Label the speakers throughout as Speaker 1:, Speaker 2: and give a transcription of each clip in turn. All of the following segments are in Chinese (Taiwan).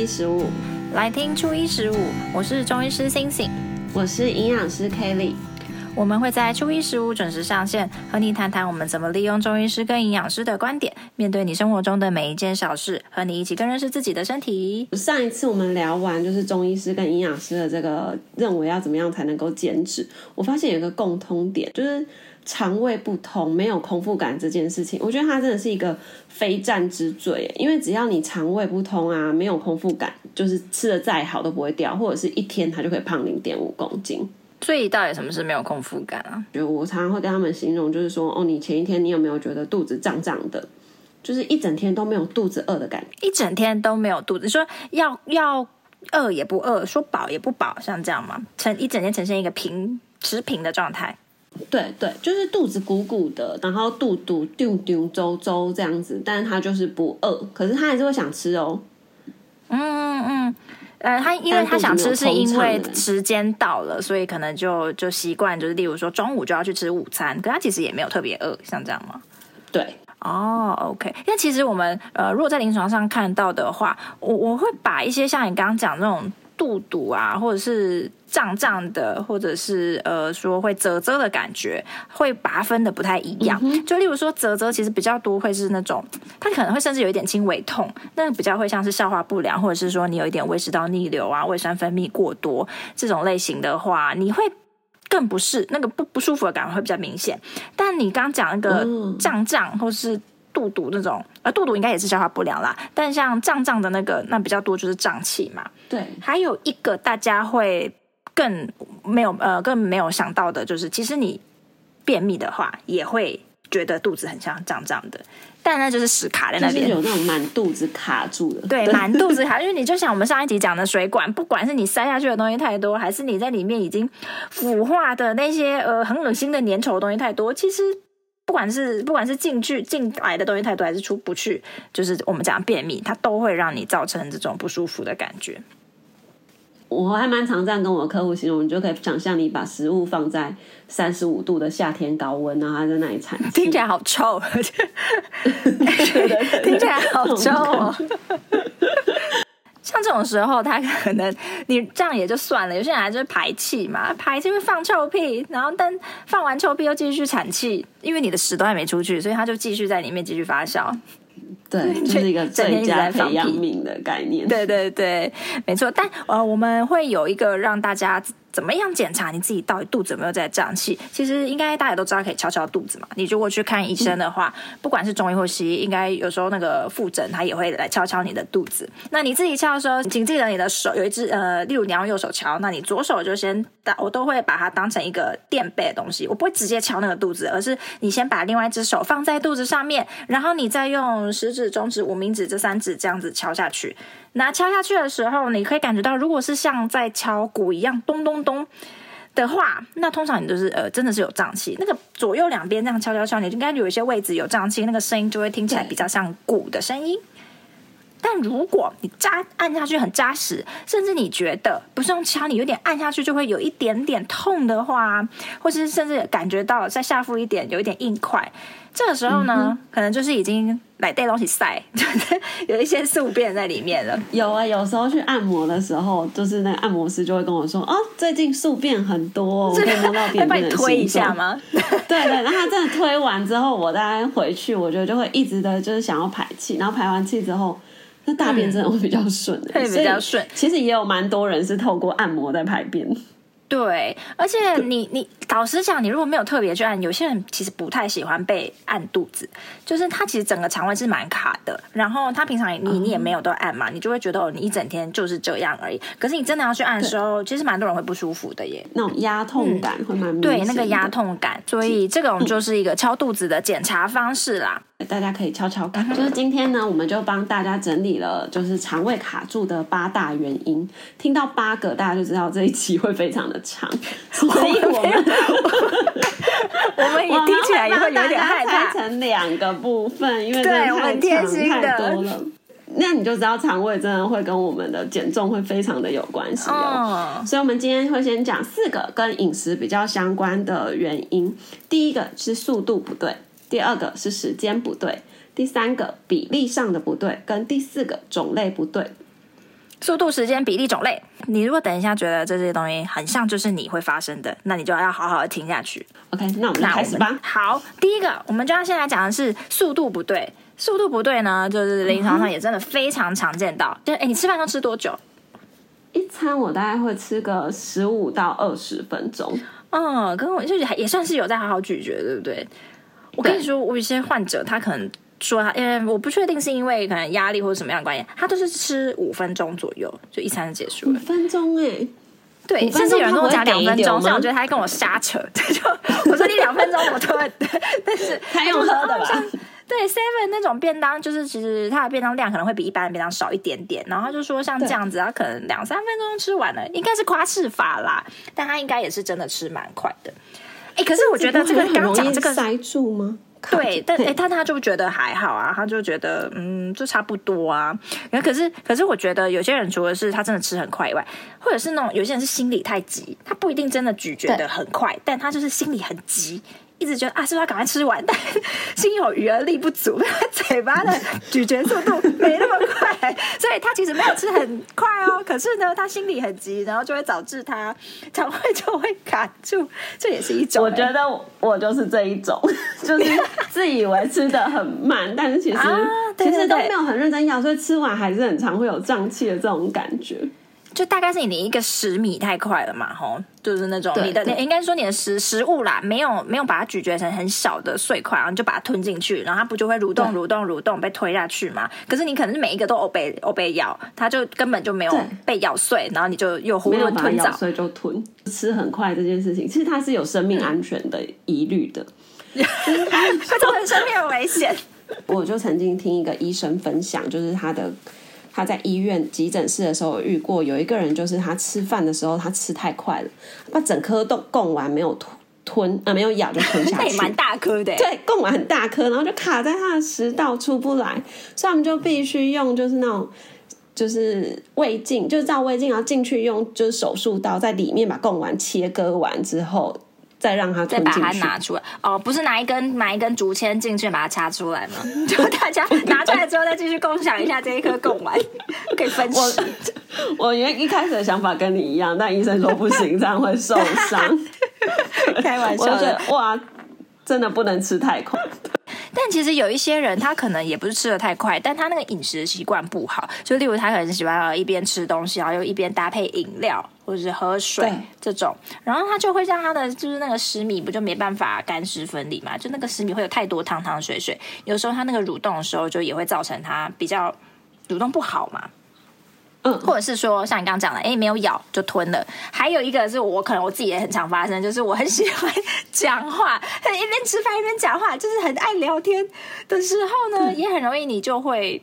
Speaker 1: 初一十五，來聽初一十五。我是中醫師星星，我是營養師 Kelly。我們會在初一十五準時上線，和你談談我們怎麼利用中醫師跟營養師的觀點，面對你生活中的每一件小事，
Speaker 2: 和你一起更認識自己的身體。上一次我們聊完就是中醫師跟營養師的這個認為要怎麼樣才能夠減脂，我發現有一個共通點就是。腸胃不通沒有空腹感這件事情，我覺得它真的是一個非戰之罪。因為只要你腸胃不通啊，沒有空腹感，就是吃的再好都不會掉，或者是一天它就可以胖零點五公斤。所以到底什麼是沒有空腹感啊？我常常會跟他們形容，就是說哦，你前一天你有沒有覺得肚子脹脹的？就是一整天都沒有肚子餓的感覺，一整天都沒有肚子，說要要餓也不餓，說飽也不飽，
Speaker 1: 像這樣嘛，成一整天呈現一個平持平的狀態。
Speaker 2: 對對，就是肚子鼓鼓的，然後肚肚丟丟周周這樣子，但是他就是不餓，可是他還是會想吃哦。嗯嗯嗯，呃，他因為他想吃，是因為
Speaker 1: 時間到了，所以可能就就習慣，就是例如說中午就要去吃午餐，可他其實也沒有特別餓，像這樣嗎？對，哦，OK，因為其實我們呃，如果在臨床上看到的話，我我會把一些像你剛剛講那種肚肚啊，或者是。脹脹的，或者是呃，說會嘖嘖的感覺，會拔分的不太一樣。嗯、就例如說，嘖嘖其實比較多會是那種，它可能會甚至有一點輕微痛，那比較會像是消化不良，或者是說你有一點胃食道逆流啊，胃酸分泌過多這種類型的話，你會更不適，那個不不舒服的感覺會比較明顯。但你剛講那個脹脹或是肚肚那種，而、呃、肚肚應該也是消化不良啦。但像脹脹的那個，那比較多就是脹氣嘛。對，還有一個大家會。更沒有呃，更沒有想到的就是，其實你便秘的話，也會覺得肚子很像脹脹的，但那就是屎卡在那邊，有那種
Speaker 2: 滿肚子卡住了。對，滿
Speaker 1: 肚子卡，因為你就像我們上一集講的水管，不管是你塞下去的東西太多，還是你在裡面已經腐化的那些呃，很惡心的粘稠的東西太多，其實不管是，不管是進去進來的東西太多，還是出不去，就是我們講的便秘，它都會讓你造成這種不舒服的感覺。
Speaker 2: 我還蠻常這樣跟我客戶形容，你就可以想象你把食物放在三十五度的夏天高溫，然後還在那裡產氣，聽起來好臭， 聽起來好臭哦。
Speaker 1: 像這種時候，他可能你這樣也就算了，有些人還是排氣嘛，排氣會放臭屁，然後但放完臭屁又繼續產氣，因為你的屎都還沒出去，所以他就繼續在裡面繼續發酵。對，這、就是一個最佳培養皿的概念。 對，對對對，沒錯。但呃，我們會有一個讓大家怎麼樣檢查你自己到底肚子有沒有在脹氣。其實應該大家也都知道，可以敲敲肚子嘛。你如果去看醫生的話，嗯，不管是中醫或西醫，應該有時候那個腹診，他也會來敲敲你的肚子。那你自己敲的時候，請記得你的手有一隻呃，例如你用右手敲，那你左手就先打，我都會把它當成一個墊背的東西，我不會直接敲那個肚子，而是你先把另外一隻手放在肚子上面，然後你再用食指、是中指、無名指這三指這樣子敲下去，那敲下去的時候，你可以感覺到，如果是像在敲鼓一樣咚咚咚的話，那通常你就是呃，真的是有脹氣。那個左右兩邊這樣敲敲敲，你就感覺有一些位置有脹氣，那個聲音就會聽起來比較像鼓的聲音。但如果你扎按下去很扎實，甚至你覺得不是用槍，你有點按下去就會有一點點痛的話，或是甚至感覺到在下腹一點有一點硬塊，這個時候呢、嗯，可能就是已經來帶東西塞，就
Speaker 2: 是有一些宿便在裡面了。有啊、欸，有時候去按摩的時候，就是那個按摩師就會跟我說：“哦，最近宿便很多的，我可以摸到便便。就”把你推一下嗎？ 對對，然後他真的推完之後，我再回去，我覺得就會一直的就是想要排氣，然後排完氣之後。那、嗯、大便真的會比較順，會比較順。其實也有蠻多人是透過按摩在排便。
Speaker 1: 對，而且你你老實講，你如果沒有特別去按，有些人其實不太喜歡被按肚子，就是他其實整個腸胃是蠻卡的。然後他平常你、嗯、你也沒有都按嘛，你就會覺得哦，你一整天就是這樣而已。可是你真的要去按的時候，其實蠻多人
Speaker 2: 會不舒服的耶，那種壓痛感會蠻明
Speaker 1: 顯、嗯。對，那個壓痛感，所以這個我們就是一個敲肚子的檢查方式啦。嗯
Speaker 2: 大家可以悄悄看， 就是今天呢，我們就幫大家整理了就是腸胃卡住的八大原因。聽到八個，大家就知道這一期會非常的長，所以我們， 我們，我們
Speaker 1: 我們也聽起來也會有點害怕。分成
Speaker 2: 兩個部分， 因為真的太長我的太多了，那你就知道腸胃真的會跟我們的減重會非常的有關係哦。Oh. 所以，我們今天會先講四個跟飲食比較相關的原因。第一個是速度不對。第二個是時間不對，第三個比例上的不對，跟第四個種類不對。速度、時間、比例、種類，你如果等一下覺得這些東
Speaker 1: 西很像，就是你會發生的，那你就要好好的聽下去。OK，那我們開始吧。好，第一個我們就要先來講的是速度不對。速度不對呢，就是臨床上也真的非常常見到。嗯、就哎、欸，你吃飯都吃多久？
Speaker 2: 一餐我大概會吃個十五到二十分鐘。嗯，跟我就是也算是有在好好咀嚼，對不對？
Speaker 1: 我跟你說，我有些患者他可能說他，因為我不確定是因為可能壓力或者什麼樣的關係，他都是吃五分鐘左右就一餐就結束了。
Speaker 2: 五分鐘哎、欸，對，甚至有人跟我講兩分鐘，所以我覺得他
Speaker 1: 跟我瞎扯。我就我說你兩分鐘我都會， 但是他用喝的吧。對 Seven 那種便當，就是其實它的便當量可能會比一般的便當少一點點，然後他就說像這樣子，他可能兩三分鐘吃完了，應該是誇飾法啦，但他應該也是真的吃蠻快
Speaker 2: 的。欸、可是我覺得這個剛講這個塞住嗎？對，但哎、欸，
Speaker 1: 他他就覺得還好啊，他就覺得嗯，就差不多啊。然後可是，可是我覺得有些人，除了是他真的吃很快以外，或者是那種有些人是心裡太急，他不一定真的咀嚼的很快，但他就是心裡很急。一直覺得啊，是不是要趕快吃完，但心有餘而力不足，嘴巴的咀嚼速度沒那麼快，所以他其實沒有吃很快哦。可是呢，他心裡很急，然後就會導致他
Speaker 2: 腸胃就會卡住，這也是一種、欸。我覺得我就是這一種，就是自以為吃的很慢， 但是其實、啊、對對對其實都沒有很認真咬、哦、所以吃完還是很常會有脹氣的這種感覺。就大概是你的一個十米太快
Speaker 1: 了嘛，吼，就是那種你的你應該說你的食食物啦，沒有沒有把它咀嚼成很小的碎塊，然後你就把它吞進去，然後它不就會蠕動蠕動蠕動、蠕動被推下去嗎？可是你可能是每一個都被都被咬，它就根本就沒有被咬碎，然後你就又囫圇吞棗。所
Speaker 2: 以就吞吃很快這件事情，其實它是有生命安全的疑慮的，會造成生命危險。 我就曾經聽一個醫生分享，就是他的。他在醫院急診室的時候遇過有一個人，就是他吃飯的時候他吃太快了，把整顆都貢丸沒有吞啊、呃、沒有咬就吞下去，蠻 大顆的，對，貢丸很大顆，然後就卡在他的食道出不來，所以我們就必須用就是那種就是胃鏡，就是照胃鏡，然後進去用就是手術刀在裡面把貢丸切割完之後。再讓他再把它拿出來
Speaker 1: 哦，不是拿一根拿一根竹籤進去把它掐出來嗎？就大家拿出來之後再繼續共享一下這一顆貢丸，
Speaker 2: 可以分吃。我，我原，一開始的想法跟你一樣，但醫生說不行， 這樣會受傷。開玩笑，哇，真的不能
Speaker 1: 吃太快。其實有一些人，他可能也不是吃得太快，但他那個飲食習慣不好，就例如他可能喜歡啊一邊吃東西，然後又一邊搭配飲料或者是喝水這種，然後他就會讓他的就是那個食糜不就沒辦法乾濕分離嘛，就那個食糜會有太多湯湯水水，有時候他那個蠕動的時候就也會造成他比較蠕動不好嘛。嗯，或者是說，像你剛剛講的，哎，沒有咬就吞了。還有一個是我，我可能我自己也很常發生，就是我很喜歡講話，一邊吃飯一邊講話，就是很愛聊天的時候呢，嗯，也很容易你就會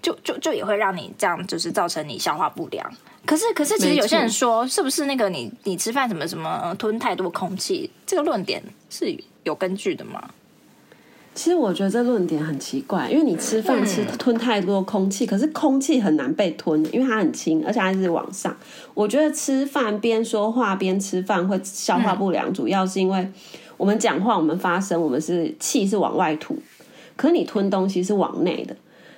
Speaker 1: 就就就也會讓你這樣，就是造成你消化不良。可是可是，其實有些人說，是不是那個你你吃飯什麼什麼吞太多空氣，這個論點是有根據的嗎？
Speaker 2: 其實我覺得這論點很奇怪，因為你吃飯吃吞太多空氣、嗯，可是空氣很難被吞，因為它很輕，而且還是往上。我覺得吃飯邊說話邊吃飯會消化不良、嗯，主要是因為我們講話，我們發聲，我們是氣是往外吐，可是你吞東西是往內的，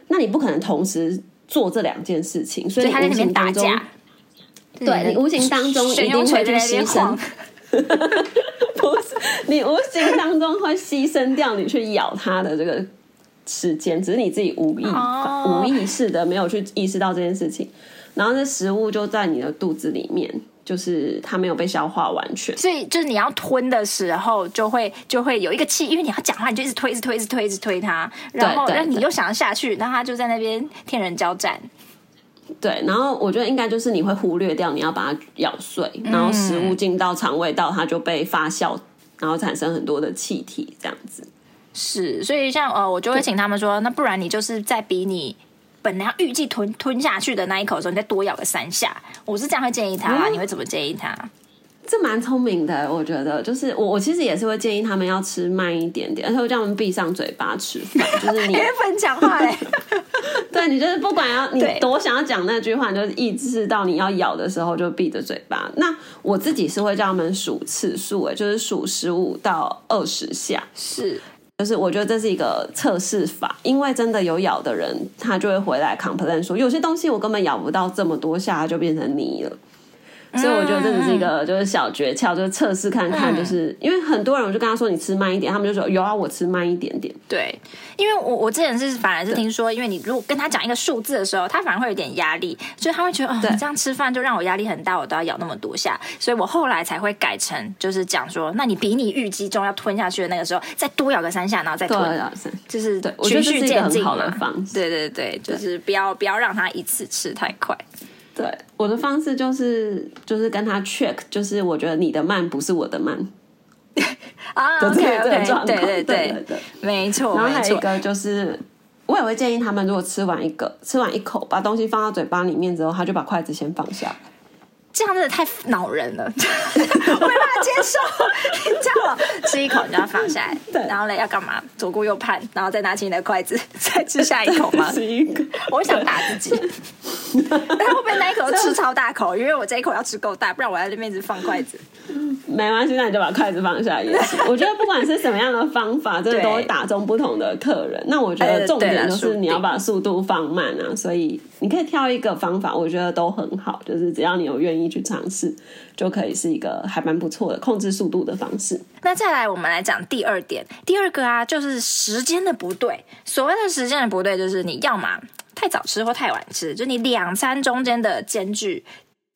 Speaker 2: 那你不可能同時做這兩件事情，所以你無形當中，就在那邊打架，對，你無形當中一定會去犧牲。嗯 你無形當中會犧牲掉你去咬它的這個時間，只是你自己無意、oh. 無意識的沒有去意識到這件事情。然後這食物就在你的肚子裡面，就是它沒有被消化完全。所以就是你要吞的時候，就會就會有一個氣，因為你要講
Speaker 1: 話，你就一直推、一直推、一直推、一直推它。然後，對對對，然後你又想要下去，然後它就在那邊天人交
Speaker 2: 戰。對，然後我覺得應該就是你會忽略掉你要把它咬碎，然後食物進到腸胃道，它就被發酵。然後產生很多的氣體，這樣子。
Speaker 1: 是，所以像呃、哦，我就會請他們說，那不然你就是在比你本來要預計吞吞下去的那一口的時候，你再多咬個三下，我是這樣會建議他、啊嗯。你會怎麼建議他？
Speaker 2: 這蠻聰明的，我覺得，就是我我其實也是會建議他們要吃慢一點點，而且我叫他們閉上嘴巴吃飯， 就是你別 講話嘞。 對你就是不管要你多想要講那句話，你就是意識到你要咬的時候就閉着嘴巴。那我自己是會叫他們數次數，誒就是數十五到二十下，是，就是我覺得這是一個測試法，因為真的有咬的人，他就會回來 complain 說，有些東西我根本咬不到這麼多下，他就變成泥了。所以我覺得這是一個就是小訣竅、嗯，就是測試看看，就是、嗯、因為很多人我就跟他說你吃慢一點、嗯，他們就說有啊，我吃慢一點點。
Speaker 1: 對，因為我我之前是反而是聽說，因為你如果跟他講一個數字的時候，他反而會有點壓力，所以他會覺得哦，你這樣吃飯就讓我壓力很大，我都要咬那麼多下。所以我後來才會改成就是講說，那你比你預計中要吞下去的那個時候，再多咬個三
Speaker 2: 下，然後再吞，對啊、就是循序漸進。
Speaker 1: 對對對，就是不要不要
Speaker 2: 讓他一次吃太快。對，我的方式就是就是跟他 check 就是我覺得你的慢不是我的慢啊， 是、這個啊 okay, okay, 這，對對對對對，對沒錯。然後還有一個就是，我也會建議他們，如果吃完一個吃完一口，把東西放到嘴巴裡面之後，他就把筷子先放下。這樣真的太惱人了，
Speaker 1: 我沒辦法接受。你 這樣吃一口，你就要放下來，對，然後嘞要幹嘛？左顧右盼，然後再拿起你的筷子，再吃下一口嗎？我想打自己。但會不會那一口吃超大口？因為我這一口要吃夠大，不然我在這邊一直放
Speaker 2: 筷子。沒關係，那你就把筷子放下也行。 我覺得不管是什麼樣的方法，真的都會打中不同的客人。那我覺得重點就是你要把速度放慢啊，所以。你可以挑一個方法，我覺得都很好，就是只要你有願意去嘗試，就可以是一個還蠻不錯的控制速度的方式。那再來，我們來講第二點，第二個啊，
Speaker 1: 就是時間的不對。所謂的時間的不對，就是你要麼太早吃或太晚吃，就你兩餐中間的間距。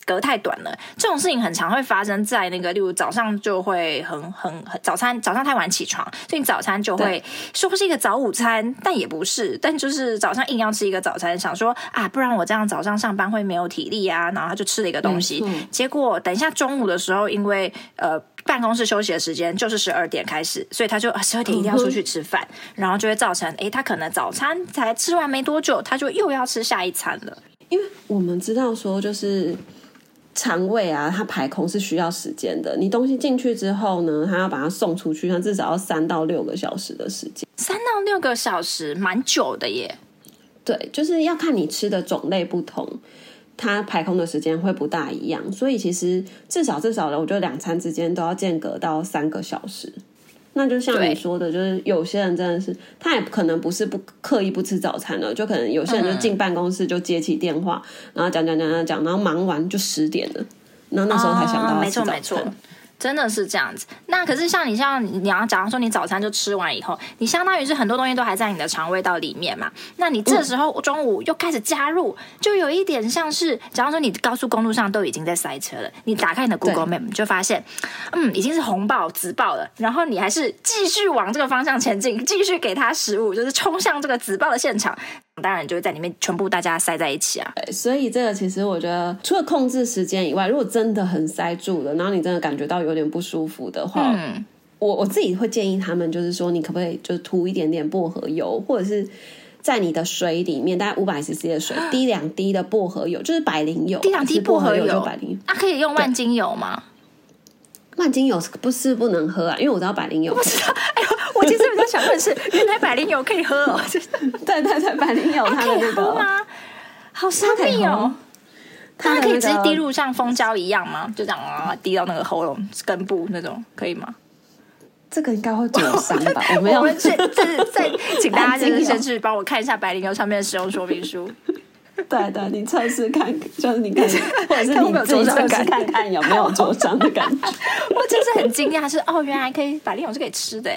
Speaker 1: 隔太短了，這種事情很常會發生在那個，例如早上就會很很很早餐，早上太晚起床，所以你早餐就會說是一個早午餐，但也不是，但就是早上硬要吃一個早餐，想說啊，不然我這樣早上上班會沒有體力啊，然後他就吃了一個東西，嗯嗯、結果等一下中午的時候，因為呃辦公室休息的時間就是十二點開始，所以他就啊、十二點一定要出去吃飯，然後就會造成，哎、欸，他可能早餐才吃完沒多久，他就又要吃下一
Speaker 2: 餐了，因為我們知道說就是。腸胃啊，它排空是需要時間的。你東西進去之後呢，它要把它送出去，它至少要三到六個小時的時間。三到六個小時，蠻久的耶。對，就是要看你吃的種類不同，它排空的時間會不大一樣。所以其實至少至少呢，我覺得兩餐之間都要間隔到三個小時。那就像你說的，就是有些人真的是，他也可能不是不刻意不吃早餐的，就可能有些人就進辦公室就接起電話，嗯、然後講講講講講，然後忙完就十點了，然後那時候才想到要吃早
Speaker 1: 餐。哦真的是這樣子。那可是像你像你要，假如說你早餐就吃完以後，你相當於是很多東西都還在你的腸胃道裡面嘛。那你這時候中午又開始加入，嗯，就有一點像是，假如說你高速公路上都已經在塞車了，你打開你的 Google Map 就發現，嗯，已經是紅爆、紫爆了。然後你還是繼續往這個方向前進，繼續給他食物，就是衝向這個紫爆的現場。當然，就會在裡面全部大家塞在
Speaker 2: 一起啊！對，所以這個其實我覺得，除了控制時間以外，如果真的很塞住了，然後你真的感覺到有點不舒服的話，嗯、我我自己會建議他們，就是說你可不可以就塗一點點薄荷油，或者是在你的水裡面，大概五百 CC 的水，滴兩滴的薄荷油，就是百靈油。滴兩滴薄荷油就百靈。
Speaker 1: 那、啊、可以用萬金油嗎？
Speaker 2: 萬金油不是不能喝啊，因為我知道百靈油。我不知道。哎呦 其實我在想問是，原來百靈油可以
Speaker 1: 喝，哦？對對對，百靈油可以喝嗎？好神秘哦！它可以直接滴入像蜂膠一樣嗎？的那個、就講啊，滴到那個喉嚨根部那種，可以嗎？這個應該會灼傷吧？哦，我，沒有我們要去再
Speaker 2: 再請大家就先去
Speaker 1: 幫我看一下百靈油上面的使用說明書。 對對，你測試看，就是你看， 或者是有沒有做傷感，
Speaker 2: 看看有沒有灼傷的感
Speaker 1: 覺。 我真是很驚訝，是哦，原來可以百靈油是可以吃的誒。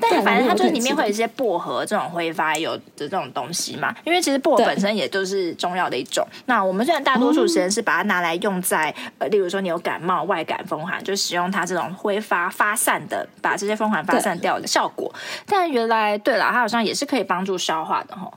Speaker 1: 但反正它就是裡面會有一些薄荷這種揮發油的這種東西嘛，因為其實薄荷本身也就是中藥的一種。那我們雖然大多數時間是把它拿來用在、哦、呃，例如說你有感冒外感風寒，就使用它這種揮發發散的，把這些風寒發散掉的效果。但原來，對了，它好像也是可以幫助消化的吼。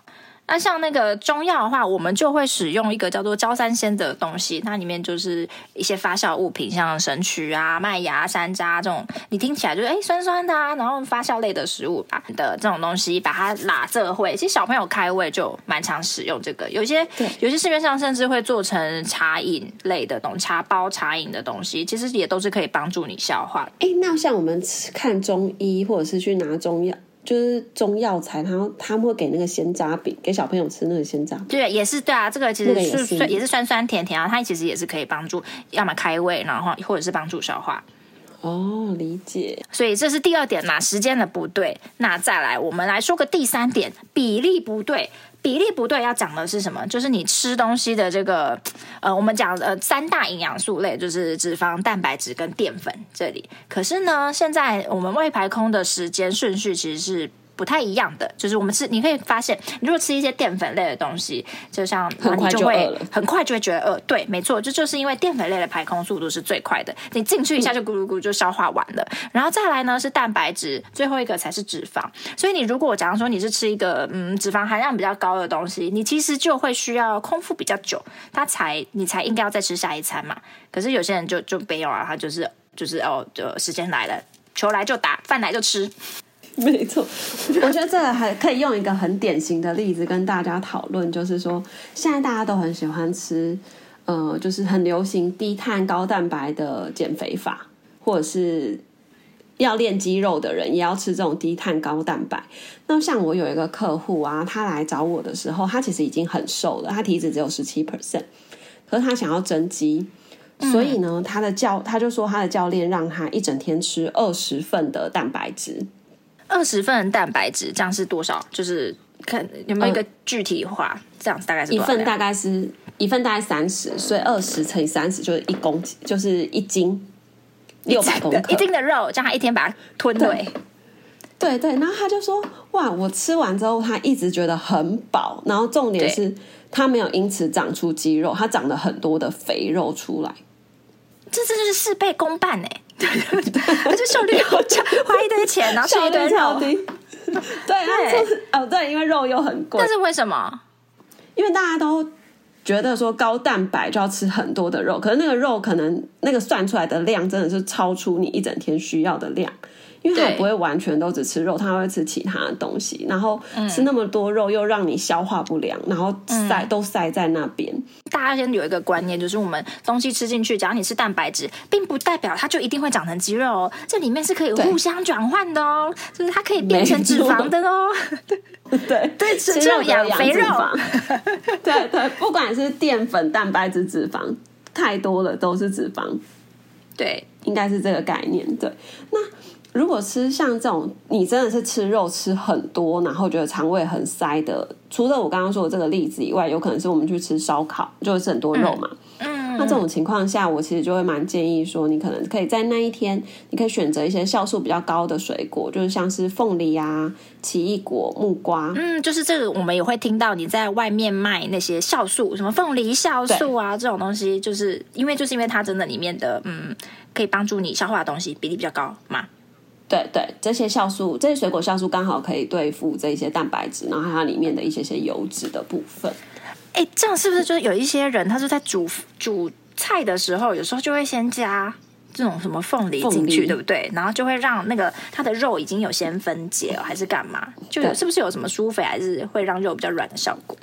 Speaker 1: 那、啊、像那個中藥的話，我們就會使用一個叫做“焦三仙”的東西，它裡面就是一些發酵物品，像神曲啊、麥芽、山楂這種。你聽起來就是哎、欸、酸酸的、啊，然後發酵類的食物的這種東西，把它拉這會，其實小朋友開胃就蠻常使用這個。有些對，有些市面上甚至會做成茶飲類的東茶包、茶飲的東西，其實也都是可以幫助你消化。
Speaker 2: 哎，那像我們看中醫或者是去拿中藥。就是中藥材，然後他們會給那個仙楂餅給小朋友吃，那個仙楂餅。
Speaker 1: 對，也是對啊，這個其實是，、那個、也，是也是酸酸甜甜啊，它其實也是可以幫助，要麼開胃，然後或者是幫助消化。
Speaker 2: 哦，
Speaker 1: 理解。所以這是第二點嘛，時間的不對。那再來，我們來說個第三點，比例不對。比例不對，要講的是什麼？就是你吃東西的這個，呃，我們講呃三大營養素類，就是脂肪、蛋白質跟澱粉。這裡，可是呢，現在我們胃排空的時間順序其實是。不太一樣的，就是我們吃，你可以發現，你如果吃一些澱粉類的東西，就像你就很快就會很快就會覺得餓。對，沒錯，這就是因為澱粉類的排空速度是最快的，你進去一下就咕嚕咕嚕就消化完了。然後再來呢是蛋白質，最後一個才是脂肪。所以你如果假如說你是吃一個嗯脂肪含量比較高的東西，你其實就會需要空腹比較久，它才你才應該要再吃下一餐嘛。可是有些人就就沒有啊，他就是就是哦，就時間來了，球來就打，飯來就吃。
Speaker 2: 沒錯，我覺得這個還可以用一個很典型的例子跟大家討論，就是說現在大家都很喜歡吃，呃，就是很流行低碳高蛋白的減肥法，或者是要練肌肉的人也要吃這種低碳高蛋白。那像我有一個客戶啊，他來找我的時候，他其實已經很瘦了，他體脂只有十七%，可是他想要增肌，嗯、所以呢，他的教他就說他的教練讓他一整天吃二十份的蛋白質。二十份蛋白質，這樣是多少？就是看有沒有一個具體化，哦、這樣子大概是多少？一份大概是，一份大概三十，所以二十乘以三十就是一公斤，就是一斤六百公克一斤，一斤的肉，這樣一天把它吞對。對，對對。然後他就說：“哇，我吃完之後，他一直覺得很飽。然後重點是他沒有因此長出肌肉，他長了很多的肥肉出來。
Speaker 1: 這，這就是事倍功半哎。”對對對，而且效率好差，花一堆錢，然後吃一堆肉。 對，就是
Speaker 2: 哦，對，因為肉又很貴。但是為什麼？因為大家都覺得說高蛋白就要吃很多的肉，可是那個肉可能那個算出來的量真的是超出你一整天需要的量。因為它不會完全都只吃肉，它會吃其他的東西，然後吃那麼多肉又讓你消化不良，然後塞、嗯、都塞在那邊。大家先有一個觀念，嗯、就是我們東西吃進去，假如你吃蛋白質，並不代
Speaker 1: 表它就一定會長成肌肉哦。這裡面是可以互相轉換的哦，就是它可以變成脂肪的
Speaker 2: 哦。
Speaker 1: 對 對，吃肉養肥肉。 對
Speaker 2: 對，不管是澱粉、蛋白質、脂肪，太多的都是脂肪。對，應該是這個概念。對，那。如果吃像這種，你真的是吃肉吃很多，然後覺得腸胃很塞的，除了我剛剛說的這個例子以外，有可能是我們去吃燒烤，就是吃很多肉嘛。嗯，嗯那這種情況下，我其實就會蠻建議說，你可能可以在那一天，你可以選擇一些酵素比較高的水果，就是像是鳳梨啊、奇異果、木瓜。
Speaker 1: 嗯，就是這個，我們也會聽到你在外面賣那些酵素，什麼鳳梨酵素啊，這種東西，就是因為就是因為它真的裡面的嗯，可
Speaker 2: 以幫助你消化的東西比例比較高嘛。對對，這些酵素，這些水果酵素剛好可以對付這些蛋白質，然後它裡面的一些些油脂的部分。哎，這樣是不是就是有一些人，
Speaker 1: 他是在煮 煮菜的時候，有時候就會先加這種什麼鳳梨進去，鳳梨，對不對？然後就會讓那個它的肉已經有先分解了，還是幹
Speaker 2: 嘛？就是不是有什麼舒肥，還是會讓肉比較軟的效果？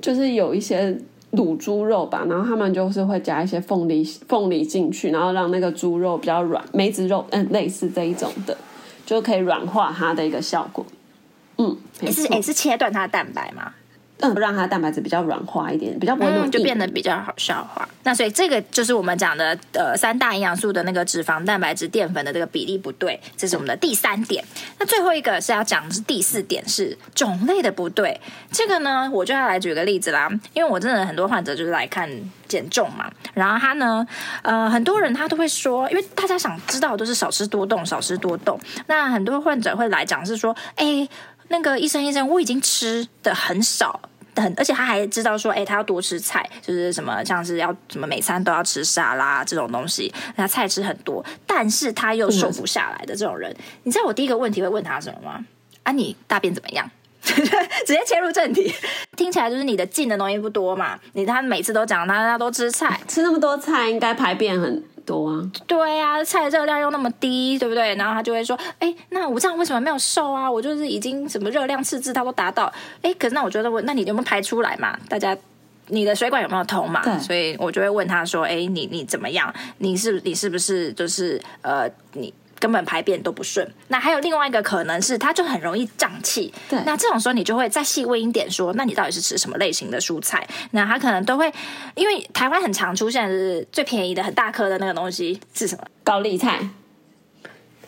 Speaker 2: 就是有一些。滷豬肉吧，然後他們就是會加一些鳳梨、鳳梨進去，然後讓那個豬肉比較軟，梅子肉，嗯、呃，類似這一種的，就可以軟化它的一個效果。嗯，你、欸、是，你、欸、是切斷它的蛋白嗎？嗯、讓它蛋白質比較軟化
Speaker 1: 一點，比較不會、嗯、就變得比較好消化。那所以這個就是我們講的呃三大營養素的那個脂肪、蛋白質、澱粉的這個比例不對，這是我們的第三點。那最後一個是要講的是第四點是種類的不對。這個呢，我就要來舉個例子啦，因為我真的很多患者就是來看減重嘛，然後他呢呃很多人他都會說，因為大家想知道都是少吃多動，少吃多動。那很多患者會來講是說，哎。那個醫生醫生，我已經吃的很少，很而且他還知道說，哎、欸，他要多吃菜，就是什麼像是要什麼每餐都要吃沙拉這種東西，他菜吃很多，但是他又瘦不下來的這種人、嗯，你知道我第一個問題會問他什麼嗎？啊，你大便怎麼樣？ 直接切入正題，聽起來就是你的進的東西不多嘛，你他每次都講他他都吃菜，吃那麼多菜應該排便很。多啊，對啊，菜的熱量又那麼低，對不對？然後他就會說，哎，那我這樣為什麼沒有瘦啊？我就是已經什麼熱量赤字，他都達到，哎，可是那我就會問，那你有沒有排出來嘛？大家你的水管有沒有通嘛？所以我就會問他說，哎，你你怎麼樣？你是你是不是就是呃你？根本排便都不順，那還有另外一個可能是，它就很容易脹氣。對，那這種時候你就會再細微一點說，那你到底是吃什麼類型的蔬菜？那它可能都會，因為台灣很常出現的是最便宜的很大顆的那個東西是什麼？高麗菜，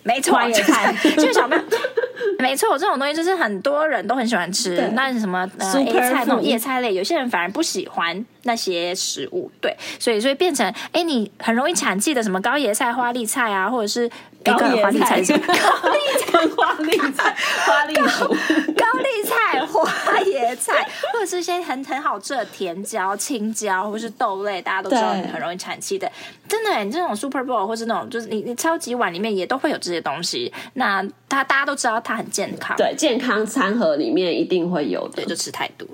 Speaker 1: 沒錯，花椰菜。就是 沒錯，這種東西就是很多人都很喜歡吃。那是什麼？那個、菜那種葉菜類，有些人反而不喜歡那些食物。對，所以所以變成，哎、欸，你很容易產氣的什麼高麗菜、花椰菜啊，或者是。高麗菜， 菜、高麗菜、高麗菜、花栗、高麗菜、花椰菜， 或者是一些很很好吃的甜椒、青椒，或者是豆類，大家都知道你很容易產氣的。真的，你這種 Super Bowl，或是那種就是你你超級碗裡面也都會有這些東西。那它大家都知道它很健康，對，
Speaker 2: 健康餐盒裡面一定會有的。對，就吃太多。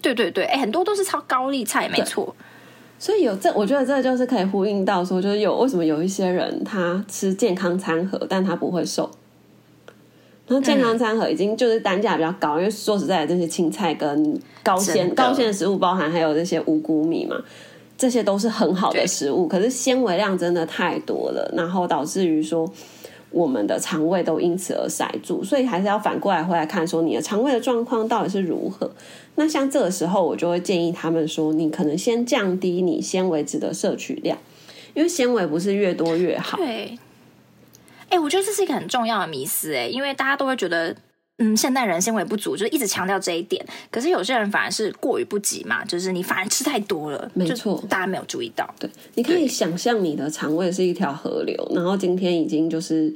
Speaker 2: 對對對，哎、欸，很多都是超高麗菜，沒錯。所以有這，我覺得這就是可以呼應到說，就是有為什麼有一些人他吃健康餐盒，但他不會瘦。那健康餐盒已經就是單價比較高，嗯，因為說實在的，這些青菜跟高纖高纖的食物包含還有這些五穀米嘛，這些都是很好的食物，可是纖維量真的太多了，然後導致於說我們的腸胃都因此而塞住，所以還是要反過來回來看說你的腸胃的狀況到底是如何。那像這個時候，我就會建議他們說，你可能先降低你纖維質的攝取量，因為纖維不是越多越好。對。
Speaker 1: 哎、欸，我覺得這是一個很重要的迷思，哎，因為大家都會覺得，嗯，現代人纖維不足，就是、一直強調這一點。可是有些人反而是過於不及嘛，就是
Speaker 2: 你反而吃太多了。沒錯，大家沒有注意到。對，對你可以想象你的腸胃是一條河流，然後今天已經就是。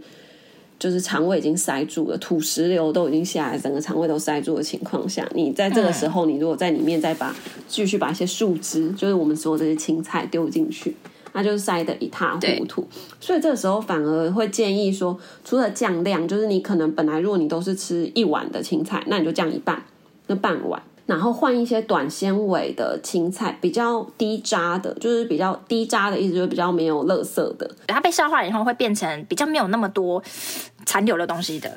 Speaker 2: 就是腸胃已經塞住了，土石流都已經下來，整個腸胃都塞住的情況下，你在這個時候，你如果在裡面再把繼續把一些樹枝，就是我們說這些青菜丟進去，那就是塞得一塌糊塗。所以這個時候反而會建議說，除了降量，就是你可能本來如果你都是吃一碗的青菜，那你就降一半，那半碗。然後換一些短纖維的青菜，比較低渣的，就是比較低渣的意思，就是比較沒有垃圾的。
Speaker 1: 它被消化以後會變成比較沒有那麼多殘留的東西的，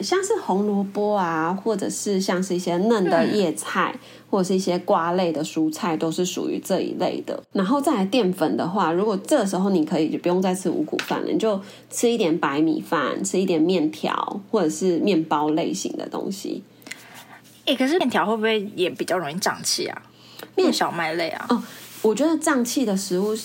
Speaker 2: 像是紅蘿蔔啊，或者是像是一些嫩的葉菜，嗯、或者是一些瓜類的蔬菜，都是屬於這一類的。然後再來澱粉的話，如果這時候你可以就不用再吃五穀飯了，你就吃一點白米飯，吃一點麵條或者是麵包類型的東西。可是麵條會不會也比較容易脹氣啊？麵小麥類啊，哦，我覺得脹氣的食物。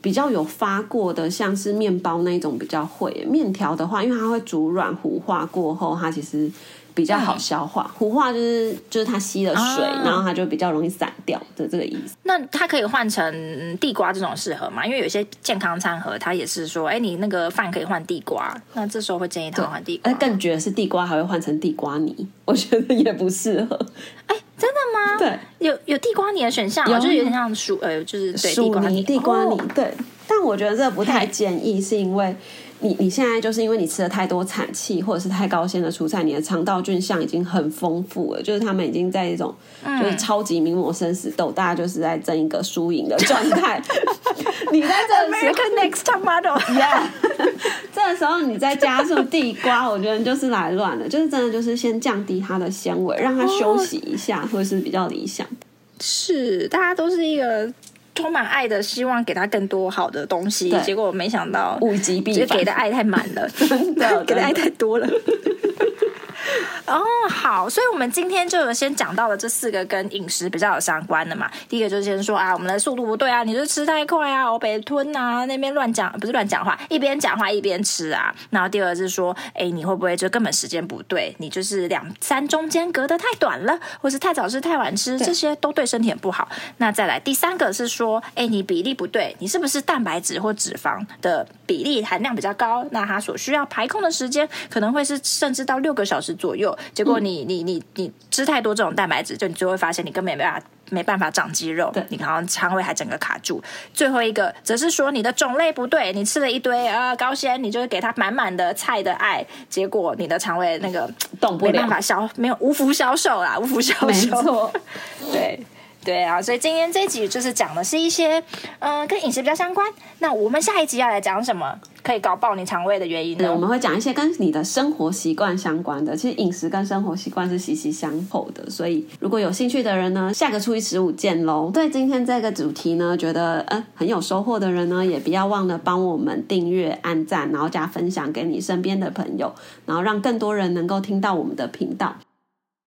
Speaker 2: 比較有發過的，像是麵包那種比較會。麵條的話，因為它會煮軟糊化過後，它其實比較好消化。嗯、糊化就是就是它吸了水，啊，然後它就比較容易散掉的這個意思。
Speaker 1: 那它可以換成地瓜這種適合嗎？因為有些健康餐盒，它也是說，哎、欸，你那個飯可以換地瓜。那這時候會建議他換地
Speaker 2: 瓜？哎、更、呃、覺的是地瓜還會換成地瓜泥，我覺得也不適合。哎、欸。真的嗎？對，有有地瓜泥的選項、啊，就是有點
Speaker 1: 像薯，呃，就是、就是、對地瓜泥，
Speaker 2: 地瓜泥、哦。對，但我覺得這不太建議，是因為。你你現在就是因為你吃了太多產氣或者是太高纖的蔬菜，你的腸道菌相已經很豐富了，就是他們已經在一種就是超級名模生死鬥，大家就是在爭一個輸贏的狀態。 你在這美國 Next Top Model yeah， 這個時候你再加入地瓜，我覺得你就是來亂了，就是真的就是先降低它的纖維，讓它休息一下、哦，或者是比較理想。是，
Speaker 1: 大家都是一個。充滿愛的，希望給他更多好的東西，結果沒想到，物極必反給的愛太滿了， 對，給的愛太多了。 哦，好，所以我們今天就有先講到了這四個跟飲食比較有相關的嘛。第一個就是先說啊，我們的速度不對啊，你就吃太快啊，我被吞啊，那邊亂講不是亂講話，一邊講話一邊吃啊。然後第二個是說，哎，你會不會就根本時間不對，你就是兩三中間隔得太短了，或是太早吃太晚吃，這些都對身體不好。那再來第三個是說，哎，你比例不對，你是不是蛋白質或脂肪的比例含量比較高？那它所需要排空的時間可能會是甚至到六個小時左右，結果你、嗯、你你你，你吃太多這種蛋白質，就你就會發現你根本沒辦法沒辦法長肌肉，對你可能腸胃還整個卡住。最後一個則是說你的種類不對，你吃了一堆啊、呃、高纖，你就會給他滿滿的菜的愛，結果你的腸胃那個動不了，沒辦法消，沒有無福消受啦，無福消受，沒錯 對。對啊，所以今天這集就是講的是一些，嗯、呃，跟飲食比較相關。那我們下一集要來講什麼？可以搞爆你腸胃的原因呢？對，我們
Speaker 2: 會講一些跟你的生活習慣相關的。其實飲食跟生活習慣是息息相關的，所以如果有興趣的人呢，下個初一十五見嘍。對今天這個主題呢，覺得嗯、呃，很有收穫的人呢，也不要忘了幫我們訂閱、按讚，然後加分享給你身邊的朋友，然後讓更多人能夠聽到我們的頻道。